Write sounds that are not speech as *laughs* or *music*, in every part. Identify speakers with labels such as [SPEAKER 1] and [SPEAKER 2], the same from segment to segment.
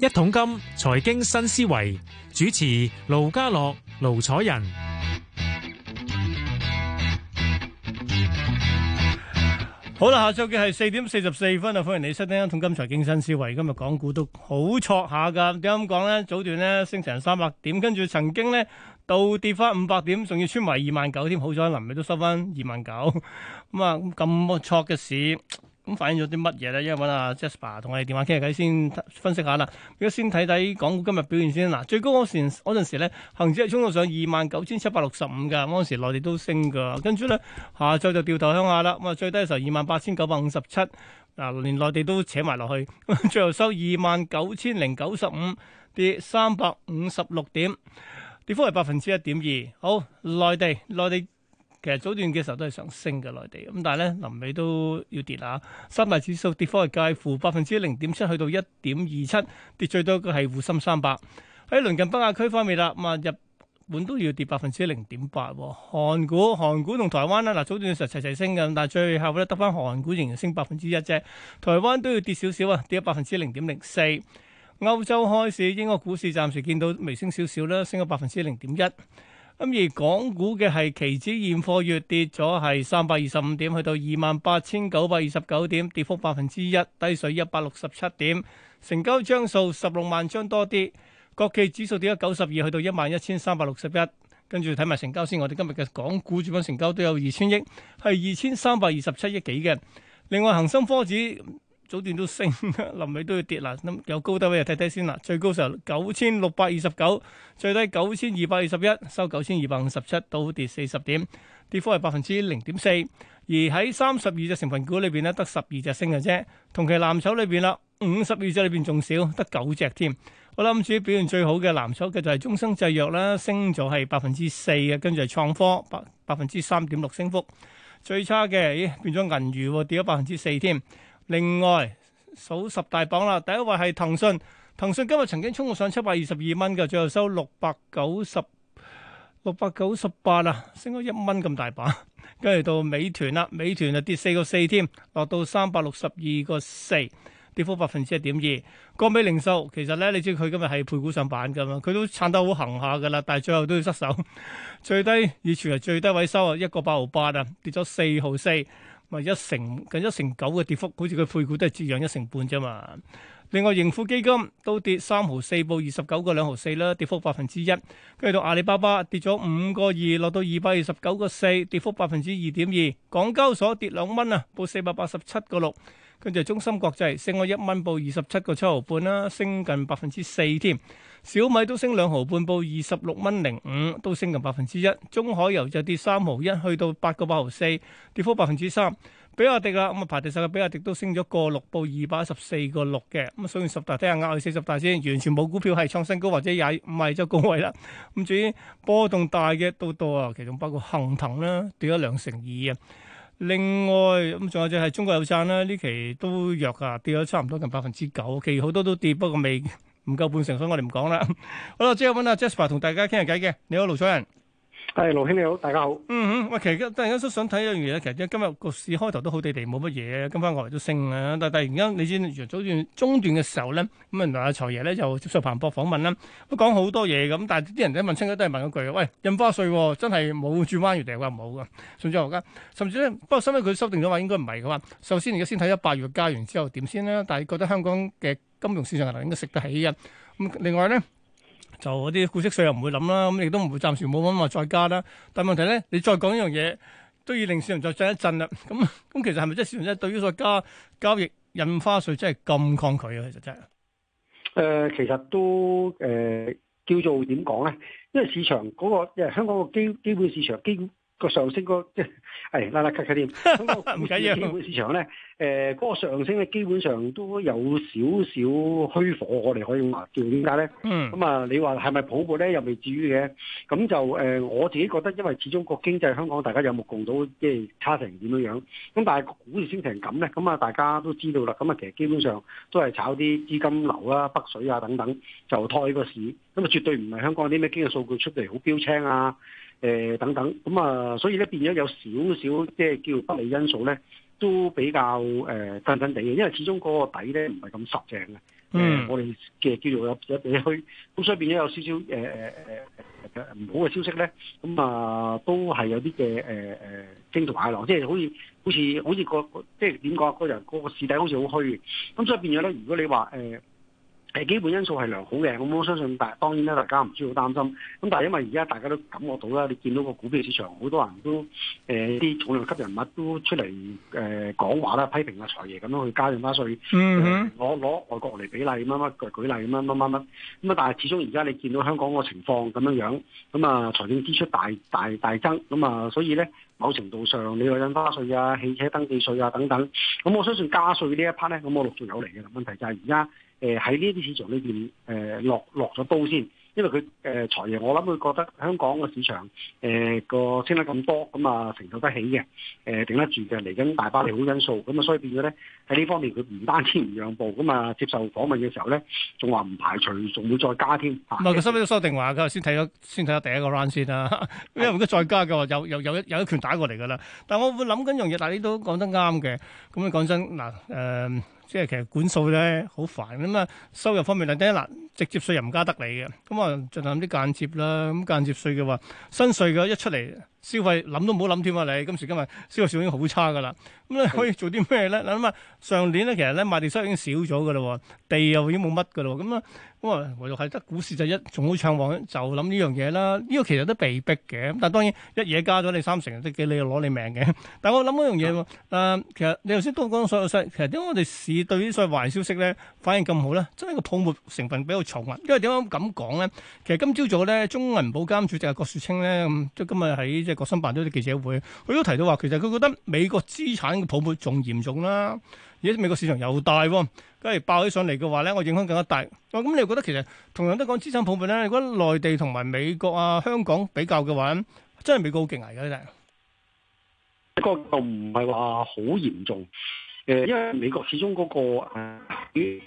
[SPEAKER 1] 一桶金財經新思維，主持盧家樂、盧彩仁，好啦，下晝嘅係四點四十四分啊！歡迎你收聽《一桶金財經新思維》。今日港股都好挫下噶點解咁講呢？早段呢，升成三百點，跟住曾經呢，倒跌翻五百點，仲要穿埋二萬九添，好彩臨尾都收翻二萬九。咁啊，咁齷齪嘅事。咁反映咗啲乜嘢咧？因為搵阿 Jasper 同我哋電話傾下偈先，分析下啦。如果先睇睇港股今日表現先，嗱，最高嗰時嗰陣時咧，恒指係衝到上二萬九千七百六十五噶，嗰時內地都升噶，跟住咧，下晝就掉頭向下啦。咁啊，最低嘅時候二萬八千九百五十七，嗱，連內地都扯埋落去，最後收二萬九千零九十五，跌三百五十六點，跌幅係百分之一點二。好，內地，內地。其實早段嘅時候都係上升嘅內地，咁但係咧臨尾都要跌吓。三大指數跌幅係介乎百分之零點七去到一點二七，跌最多嘅係滬深三百。喺鄰近北亞區方面啦，咁啊日本都要跌百分之零點八。韓股、韓股同台灣咧，嗱，早段嘅時候齊齊升嘅，但係最後咧得翻韓股仍然升百分之一啫。台灣都要跌少少啊，跌百分之零點零四。歐洲開市，英國股市暫時見到微升少少啦，升咗百分之零點一。咁而港股嘅係期指現貨月跌咗係三百二十五點去到二萬八千九百二十九點跌幅百分之一，低水一百六十七點成交張數十六萬張多啲。國企指數跌咗九十二，去到一萬一千三百六十一。跟住睇埋成交先，我哋今日嘅港股主板成交都有二千億，係二千三百二十七億幾嘅。另外，恒生科指。早段都升，臨尾都要跌嗱。咁有高低位啊，睇睇先啦。最高時候九千六百二十九，最低九千二百二十一，收九千二百五十七，倒跌四十點，跌幅係百分之零點四。而喺三十二隻成分股裏邊咧，得十二隻升嘅啫。同期藍籌裏邊啦，五十二隻裏邊仲少，得九隻添。我諗住表現最好嘅藍籌嘅就係中生製藥啦，升咗係百分之四嘅，跟住係創科百百分之三點六升幅。最差嘅咦，變咗銀娛跌咗百分之四添。另外，數十大榜啦，第一位係騰訊。騰訊今日曾經衝到上七百二十二蚊嘅，最後收六百九十六百九十八啊，升咗一蚊咁大把。跟住到美團啦，美團啊跌四個四添，落到三百六十二個四，跌幅百分之一點二。國美零售，其實咧，你知佢今日係配股上板噶嘛，佢都撐得好行下噶啦，但係最後都要失手。最低，以全日最低位收啊，一個八毫八啊，跌咗四毫四。咪一成近一成九嘅跌幅，好似佢配股都係折讓一成半啫嘛。另外盈富基金都跌三毫四，報二十九個兩毫四啦，跌幅百分之一。跟住到阿里巴巴跌咗五個二，落到二百二十九個四，跌幅百分之二點二。港交所跌兩蚊啊，報四百八十七個六。跟住中心國際，升咗一蚊，報二十七個七毫半啦，升近百分之四添。小米都升兩毫半，報二十六蚊零五，都升近百分之一。中海油就跌三毫一，去到八個八毫四，跌幅百分之三。比亞迪啦，咁啊，排第十嘅比亞迪都升咗個六，報二百一十四個六嘅。咁所以十大睇下，額外四十大先，完全冇股票係創新高或者踩，唔係就高位啦。咁至於波動大嘅，到到啊，其中包括恒騰啦，跌咗兩成二啊。另外咁仲有就係中國有贊啦，呢期都弱噶，跌咗差唔多近百分之九，其餘好多都跌，不過未唔夠半成，所以我哋唔講啦。 *laughs* 好啦，之後揾阿 Jasper 同大家傾下偈嘅，你好，盧楚仁。係，盧兄你好，大家好。嗯嗯喂，其實突然間都想睇一樣嘢，其實今日個市開頭都好地地，冇乜嘢，跟翻外圍都升啊。但係突然間，你知早段中段嘅時候咧，咁原來阿財爺咧就接受彭博訪問啦，都講好多嘢咁。但係啲人問，清都係問一句，喂，印花稅、啊、真係冇轉彎嘅地話冇噶，我甚至咧，不過收尾佢修訂咗話，應該唔係嘅話，首先而家先睇八月加完之後點先咧。但係覺得香港嘅金融市場係能夠食得起咁，另外咧。就嗰啲股息稅又唔會諗啦，咁亦都唔會暫時冇諗話再加啦。但係問題咧，你再講呢樣嘢，都要令市場再震一震啦。咁咁其實係咪即係市場即係對於再加交易印花稅真係咁抗拒啊？其實真係
[SPEAKER 2] 誒，其實都誒、呃、叫做點講咧？因為市場嗰、嗰個即香港個基基本市場基本。個上升個即係拉拉卡卡添咁個基本市場咧，誒 *laughs* 嗰、啊呃那個上升咧基本上都有少少虛火，我哋可以話叫點解咧？咁啊、嗯嗯，你話係咪泡沫咧？又未至於嘅。咁就誒、呃，我自己覺得，因為始終個經濟香港大家有目共睹，即係差成點樣樣。咁但係個股市升成咁咧，咁啊大家都知道啦。咁啊，其實基本上都係炒啲資金流啦、啊、北水啊等等，就拖呢個市。咁啊，絕對唔係香港啲咩經濟數據出嚟好標青啊！誒、呃、等等，咁、嗯、啊，所以咧變咗有少少即係叫不利因素咧，都比較誒震震地嘅，因為始終嗰個底咧唔係咁實淨嘅。
[SPEAKER 1] 嗯，我
[SPEAKER 2] 哋嘅叫做有有尾虛，咁所以變咗有少少誒誒唔好嘅消息咧，咁、嗯、啊、呃、都係有啲嘅誒誒驚濤駭浪，即、呃、係、就是、好似好似好似、嗰個即係點講啊，就是、個人嗰個市底好似好虛咁、嗯、所以變咗咧，如果你話誒。呃誒基本因素係良好嘅，咁我相信大當然啦，大家唔需要擔心。咁但係因為而家大家都感覺到啦，你見到個股票市場好多人都誒啲、呃、重量級人物都出嚟誒講話啦，批評啊財爺咁樣去加印花稅。
[SPEAKER 1] 嗯、呃，
[SPEAKER 2] 我攞外國嚟比例乜乜舉例乜乜乜乜。咁啊，但係始終而家你見到香港個情況咁樣樣，咁啊財政支出大大大增，咁啊所以咧某程度上你話印花稅啊、汽車登記稅啊等等，咁我相信加稅呢一 part 咧，咁我陸續有嚟嘅。問題就係而家。誒喺呢啲市場裏面誒落落咗刀先，因為佢誒財爺，我諗佢覺得香港嘅市場誒、呃、個升得咁多咁啊承受得起嘅，誒、呃、頂得住嘅，嚟緊大把利好因素，咁啊所以變咗咧喺呢方面佢唔單止唔讓步咁啊，接受訪問嘅時候咧仲話唔排除仲會再加添。
[SPEAKER 1] 唔係佢收尾都收定話？佢、嗯、先睇咗先睇下第一個 round 先啦、啊。因為如果再加嘅話，又又有，有一有一拳打過嚟㗎啦。但我會諗緊樣嘢，但係你都講得啱嘅。咁你講真嗱即係其實管數咧好煩咁啊！收入方面嚟睇啦，直接稅又唔加得你嘅，咁啊進行啲間接啦，咁間接稅嘅話，新稅嘅話一出嚟。消費諗都唔好諗添啊！你今時今日消費上已經好差噶啦，咁、嗯、你可以做啲咩咧？嗱咁啊，上年咧其實咧賣地商已經少咗噶啦，地又已經冇乜噶啦，咁、嗯、啊，咁、嗯、啊，唯獨係得股市就一仲好暢旺，就諗呢樣嘢啦。呢、呢個其實都被逼嘅，但係當然一嘢加咗你三成，都幾你又攞你命嘅。但我諗一樣嘢喎，其實你頭先都講所有消息，其實點解我哋市對於所有壞消息咧反應咁好咧？真係個泡沫成分比較重啊！因為點解咁講咧？其實今朝早咧，中銀保監主席郭樹清咧即、嗯、今日喺。國新辦都啲記者會，佢都提到話，其實佢覺得美國資產的泡沫仲嚴重啦，而美國市場又大，咁而爆起上嚟嘅話咧，我影響更加大。咁、哦、你又覺得其實同樣都講資產泡沫咧，如果內地同埋美國啊、香港比較嘅話，真係美國好勁危嘅咧。呢個
[SPEAKER 2] 就唔係話好嚴重，誒，因為美國始終嗰、那個誒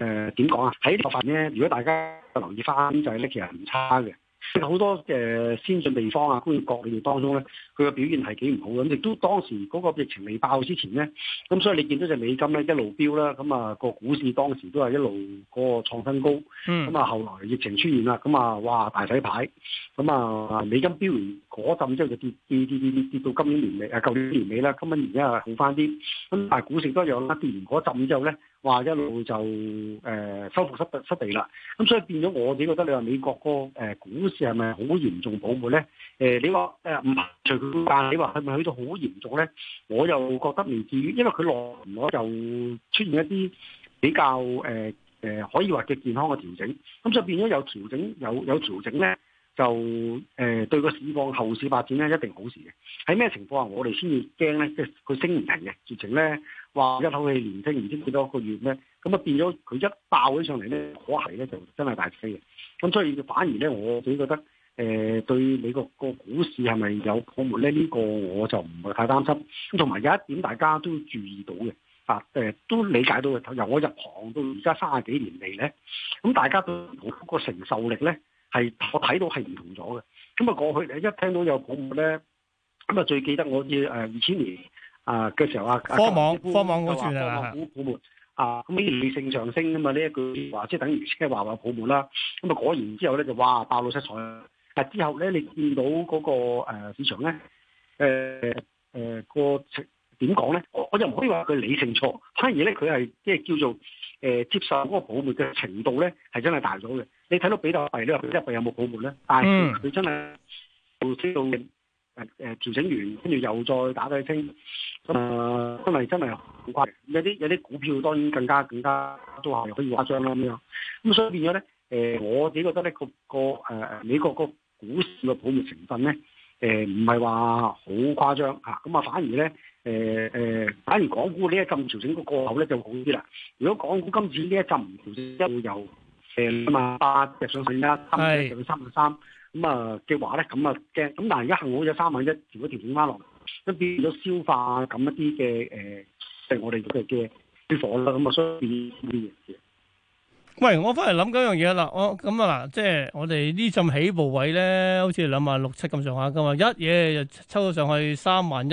[SPEAKER 2] 誒點講啊，喺落凡咧，如果大家留意翻就係呢，其實唔差嘅。好多嘅先進地方啊，工業國裏邊當中咧，佢嘅表現係幾唔好咁。亦都當時嗰個疫情未爆之前咧，咁所以你見到隻美金咧一路飆啦，咁、那、啊個股市當時都係一路、嗰個創新高。咁啊，後來疫情出現啦，咁啊，哇大洗牌。咁啊，美金飆完嗰陣之後就跌跌跌跌跌到今年、啊、年尾啊，舊年年尾啦，今年尾今年尾係好翻啲。咁但係股市都有啦，跌完嗰陣之後咧。話一路就誒、呃、收復失地失地啦，咁所以變咗我自己覺得你，呃呃，你話美國個誒股市係咪好嚴重泡沫咧？誒你話誒唔排除佢，但你話係咪去到好嚴重咧？我又覺得未至於，因為佢落唔我就出現一啲比較誒、呃呃、可以話嘅健康嘅調整，咁所以變咗有調整，有有調整咧。就誒、呃、對個市況後市發展咧，一定好事嘅。喺咩情況下我哋先要驚咧？即係佢升唔停嘅，直情咧話一口氣連升唔知幾多個月咩？咁啊變咗佢一爆起上嚟咧，可係咧就真係大飛嘅。咁所以反而咧，我自己覺得誒、呃、對美國個股市係咪有泡沫咧？呢、這個我就唔會太擔心。咁同埋有一點大家都注意到嘅，啊、呃、都理解到嘅。由我入行到而家卅幾年嚟咧，咁大家都個承受力咧。係我睇到係唔同咗嘅，咁啊過去咧一聽到有泡沫咧，咁啊最記得我二千年啊嘅時候啊，科網科網嗰段啊，咁啊啲理性上升啊嘛呢一句話，即係等於即係話話泡沫啦，咁啊果然之後咧就哇爆露出彩，但之後咧你見到嗰個市場咧，誒誒個情。呃呃呃點講咧？我就唔可以話佢理性錯，反而咧佢係即係叫做、呃、接受嗰個泡沫嘅程度咧，係真係大咗嘅。你睇到比特幣咧，佢真係有冇泡沫咧？但係佢真係需要誒誒調整完，跟住又再打底清。咁、呃、真係真係好乖。有啲有啲股票當然更加更加都係可以誇張啦咁樣。咁所以變咗咧、呃，我自己覺得咧個個誒美國個股市嘅泡沫成分咧，唔係話好誇張。咁啊反而咧～誒誒，反而港股呢一浸調整個過後咧就好啲啦。如果港股今次呢一浸唔調整，一路由誒二萬八直上去啦，三萬上去三萬三，咁啊嘅話咧，咁啊驚。咁但係而家恒指有三萬一，如果調整翻落嚟，都變咗消化咁一啲嘅誒，即係我哋嘅嘅脂肪啦。咁啊，所以呢呢樣嘢。
[SPEAKER 1] 喂，我翻嚟諗緊樣嘢啦。我咁啊嗱，即係我哋呢浸起步位咧，好似兩萬六七咁上下噶嘛。一嘢就抽到上去三萬一。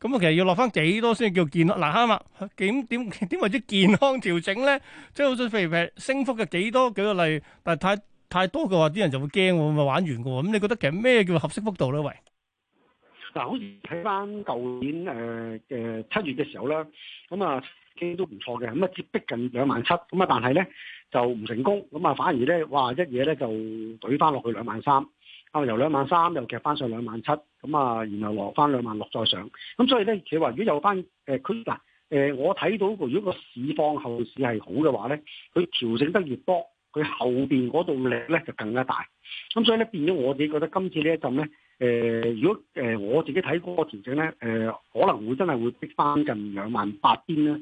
[SPEAKER 1] 咁我其實要落翻幾多先叫健康？嗱、啊，啱啦。點點點為之健康調整咧？即係好似譬如升幅嘅幾多？舉個例，但係太太多嘅話，啲人就會驚喎，咪玩完嘅喎。咁你覺得其實咩叫合適幅度咧？喂，
[SPEAKER 2] 嗱，好似睇翻舊年誒嘅、呃、七月嘅時候咧，咁啊已都唔錯嘅，咁啊接逼近兩萬七，咁啊但係咧就唔成功，咁啊反而咧哇一嘢咧就懟翻落去兩萬三，啊由兩萬三又夾翻上兩萬七。咁啊，然後落翻兩萬六再上，咁所以咧，佢話如果有翻誒，佢、呃、嗱我睇到如果個市況後市係好嘅話咧，佢調整得越多，佢後面嗰度力咧就更加大，咁所以咧變咗我自己覺得今次呢一陣咧誒，如果誒我自己睇嗰個調整咧、呃、可能會真係會逼翻近兩萬八邊咧。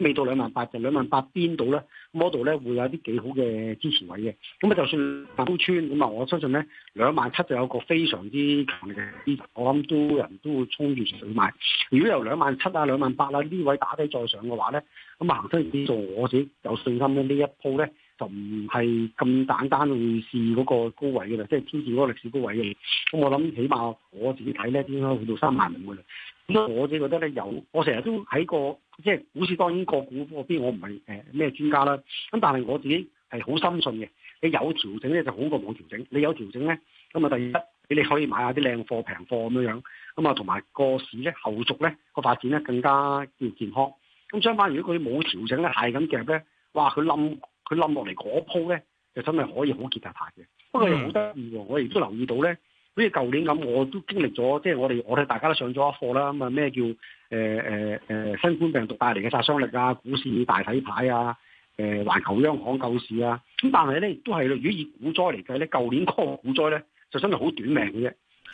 [SPEAKER 2] 未到兩萬八就兩萬八邊度咧？model 咧會有啲幾好嘅支持位嘅。咁啊，就算高穿咁啊，咁我相信咧兩萬七就有個非常之強嘅支持。我諗都人都會衝住上去買。如果由兩萬七啊、兩萬八啊呢位打低再上嘅話咧，咁啊行出嚟做我自己有信心咧，呢一鋪咧就唔係咁簡單會試嗰個高位嘅啦，即係天字嗰個歷史高位嘅。咁我諗起碼我自己睇咧，應該去到三萬五嘅啦。咁我自己覺得咧有，我成日都喺個即係股市，當然個股嗰邊我唔係誒咩專家啦。咁但係我自己係好深信嘅，你有調整咧就好過冇調整。你有調整咧，咁啊第二一，你你可以買下啲靚貨、平貨咁樣樣。咁啊同埋個市咧後續咧個發展咧更加健健康。咁相反，如果佢冇調整咧，係咁夾咧，哇！佢冧佢冧落嚟嗰鋪咧，就真係可以好結實下嘅。不過又好得意喎，我亦都留意到咧。好似舊年咁，我都經歷咗，即係我哋我哋大家都上咗一課啦。咁啊，咩叫誒誒誒新冠病毒帶嚟嘅殺傷力啊？股市大洗牌啊？誒、呃，環球央行救市啊？咁但係咧，亦都係如果以股災嚟計咧，舊年嗰個股災咧就真係好短命嘅啫。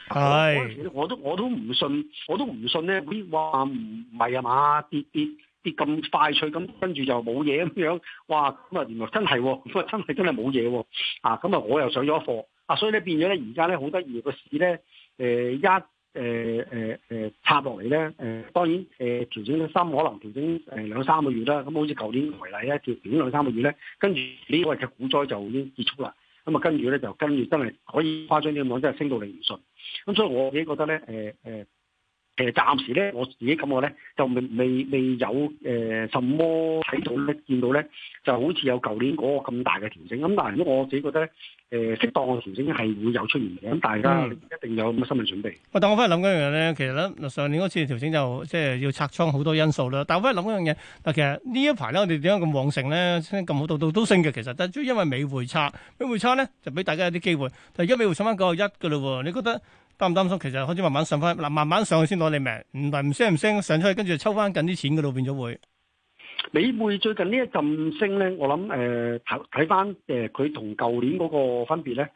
[SPEAKER 2] 係，我都我都唔信，我都唔信咧。哇，唔係啊嘛，跌跌跌咁快脆，咁跟住就冇嘢咁樣。哇，咁啊原來真係、哦，咁真係真係冇嘢啊。咁啊我又上咗一課。啊！所以咧變咗咧，而家咧好得意個市咧，誒一誒誒誒插落嚟咧，誒、呃、當然誒調、呃、整嘅心可能調整誒兩三個月啦，咁好似舊年為例咧，調整兩三個月咧，跟住呢個嘅股災就已經結束啦。咁啊，跟住咧就跟住真係可以誇張啲講，真係升到你唔順。咁所以我自己覺得咧，誒、呃、誒。呃誒，暫時咧，我自己感覺咧，就未未未有誒、呃，什麼睇到咧，見到咧，就好似有舊年嗰個咁大嘅調整。咁但係如果我自己覺得咧，誒、呃，適當嘅調整係會有出現嘅，咁大家一定有咁嘅心理準備。
[SPEAKER 1] 喂、嗯，但我返去諗嗰樣嘢咧，其實咧，上年嗰次調整就即係要拆倉好多因素啦。但我返去諗嗰樣嘢，但其實呢一排咧，我哋點解咁旺盛咧？咁好到到都升嘅，其實麼麼，但係因為尾回撤，尾回撤咧，就俾大家有啲機會。但係而家尾回上翻，九廿一嘅咯喎，你覺得？擔唔擔心？其實開始慢慢上翻，嗱慢慢上去先攞你命，唔係唔升唔升上出去，跟住就抽翻近啲錢嗰度變咗會。
[SPEAKER 2] 美匯最近呢一陣升咧，我諗誒睇睇翻誒佢同舊年嗰個分別咧，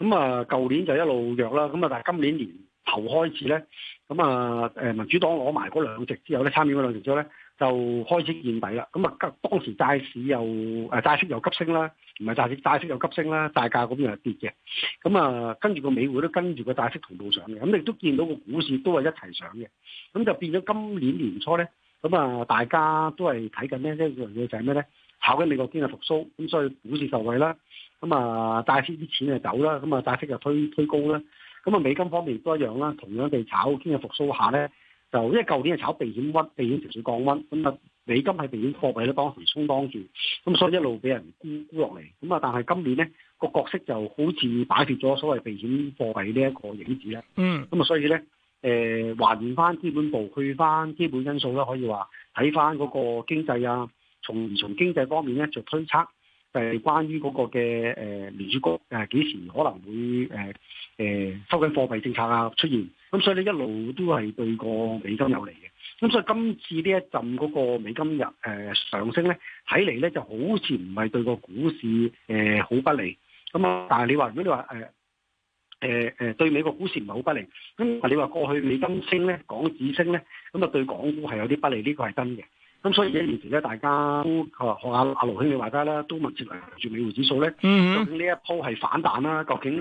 [SPEAKER 2] 咁啊舊年就一路弱啦，咁啊但係今年年頭開始咧，咁啊誒民主黨攞埋嗰兩席之後咧，參與嗰兩席之後咧。就開始見底啦，咁啊，當時債市又誒、啊、債息又急升啦，唔係債，債息又急升啦，債價咁又跌嘅，咁啊跟住個美匯都跟住個債息同步上嘅，咁你都見到個股市都係一齊上嘅，咁就變咗今年年初咧，咁啊大家都係睇緊咧一樣嘢就係咩咧？炒緊美國經濟復甦，咁所以股市受惠啦，咁啊債息啲錢就走啦，咁啊債息就推推高啦，咁啊美金方面都一樣啦，同樣地，炒經濟復甦下咧。就因為舊年係炒避險溫，避險情緒降溫，咁啊，美金係避險貨幣咧當時充當住，咁所以一路俾人沽沽落嚟，咁啊，但係今年咧個角色就好似擺脫咗所謂避險貨幣呢一個影子咧，嗯，咁啊，所以咧誒、呃，還翻基本步，去翻基本因素啦，可以話睇翻嗰個經濟啊，從從經濟方面咧做推測。係關於嗰個嘅誒、呃、聯儲局誒幾時可能會誒誒、呃、收緊貨幣政策啊出現，咁所以咧一路都係對個美金有利嘅。咁所以今次呢一陣嗰個美金日、呃、上升咧，睇嚟咧就好似唔係對個股市誒好、呃、不利。咁啊，但係你話如果你話誒誒對美國股市唔係好不利，咁你話過去美金升咧，港紙升咧，咁啊對港股係有啲不利，呢、呢個係真嘅。咁、嗯、所以而年目前咧，大家都、啊、學學阿阿盧兄你話齋啦，都密切留意住美匯指數咧、嗯嗯。究竟呢一波係反彈啦、啊，究竟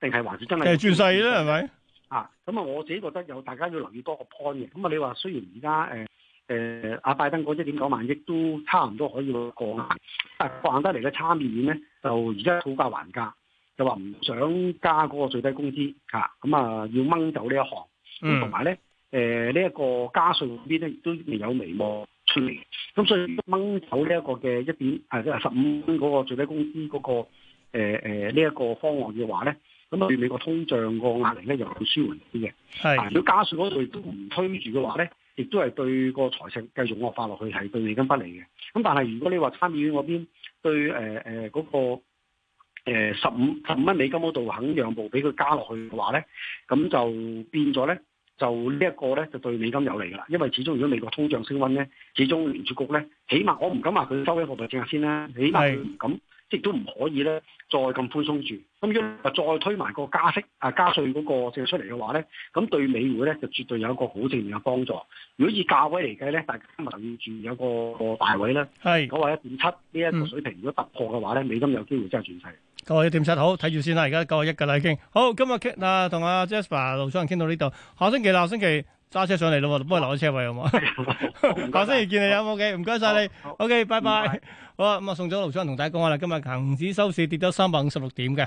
[SPEAKER 2] 定係還是真係轉勢咧？係咪？啊，咁啊，我自己覺得有，大家要留意多個 point 嘅。咁啊，你話雖然而家誒誒阿拜登嗰一點九萬億都差唔多可以落降，但係降得嚟嘅差別面咧，就而家討價還價，就話唔想加嗰個最低工資嚇，咁啊，啊要掹走呢一行。同埋咧，誒、啊、呢一、呃這個加稅嗰邊咧，亦都未有眉目。咁、嗯、所以掹走呢一個嘅一點，誒即係十五蚊嗰個最低工資嗰個誒誒呢一個方案嘅話咧，咁對美國通脹個壓力咧又會舒緩啲嘅。係，
[SPEAKER 1] 是如果
[SPEAKER 2] 加稅嗰度亦都唔推住嘅話咧，亦都係對個財政繼續惡化落去係對美金不利嘅。咁但係如果你話參議院嗰邊對誒誒嗰個誒十五十五蚊美金嗰度肯讓步俾佢加落去嘅話咧，咁就變咗咧。就呢一個咧，就對美金有利㗎啦。因為始終如果美國通脹升溫咧，始終聯儲局咧，起碼我唔敢話佢收緊貨幣政策先啦。起碼唔敢，即係都唔可以咧，再咁寬鬆住。咁如果再推埋個加息、啊加稅嗰個政策出嚟嘅話咧，咁對美匯咧就絕對有一個好正面嘅幫助。如果以價位嚟計咧，大家留意住有個個大位啦。係，我話一點七呢一個水平，如果突破嘅話咧，美金有機會真係轉勢。
[SPEAKER 1] 九啊一點七，好睇住先啦，而家九啊一噶啦已經。好，今日啊同阿 Jasper 盧楚仁傾到呢度，下星期啦，下星期揸車上嚟咯，幫我留咗車位好唔好？ *laughs* *laughs* 下星期見你有冇嘅？唔該晒你，OK，拜拜。好啦，咁啊送咗盧楚仁同大家講下啦，今日恒指收市跌咗三百五十六點嘅。